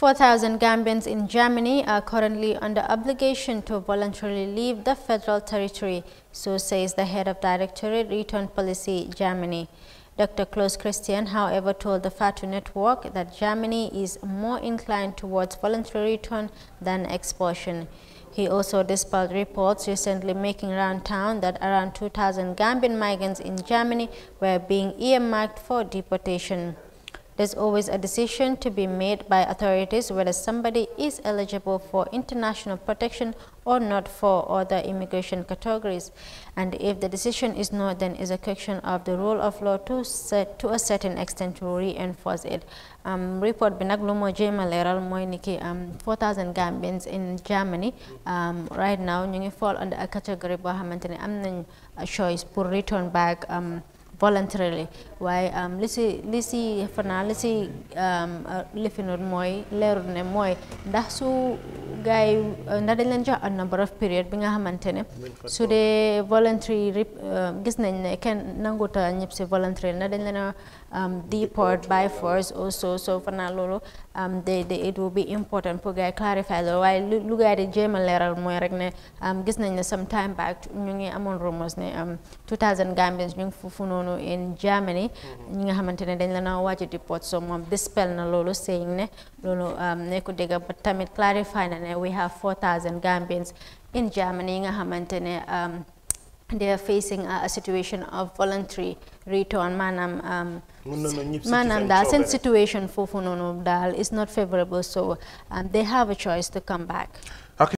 4,000 Gambians in Germany are currently under obligation to voluntarily leave the federal territory, so says the head of Directorate Return Policy, Germany. Dr. Klaus Christian, however, told the FATU network that Germany is more inclined towards voluntary return than expulsion. He also dispelled reports recently making round town that around 2,000 Gambian migrants in Germany were being earmarked for deportation. There's always a decision to be made by authorities whether somebody is eligible for international protection or not for other immigration categories. And if the decision is not, then is a question of the rule of law to, set, to a certain extent to reinforce it. Um, report Benaglumo J. Maleral Moiniki, um, 4,000 Gambians in Germany um, right now, you fall under a category, I'm not is put return back. Um, voluntarily waaye um, li si li si fanaa li si um, uh, lifinut mooy leerut ne mooy ndax su gars yi eh, ndax dañ leen jox a number of period bi nga xamante ne su dee voluntary eh, gis nañ ne kenn nanguta ñëpp si voluntary na dañ leen a um, deport by force also so fanaa loolu de um, de it will be important pour gars yi clarify loolu waaye lu gars di jéem a leeral mooy rek ne um, gis nañ ne some time back ñu ngi amoon rumors ne 2000 Gambians ñu ngi foofu noonu in Germany mm-hmm. ñi nga xamante ne dañ leen a wàcc deport so moom dispel na loolu saying ne loolu nekkul dëgg tamit clarify we have 4,000 Gambians in Germany, um, they are facing a, a, situation of voluntary return manam um, manam that's in situation for dal is not favorable so um, they have a choice to come back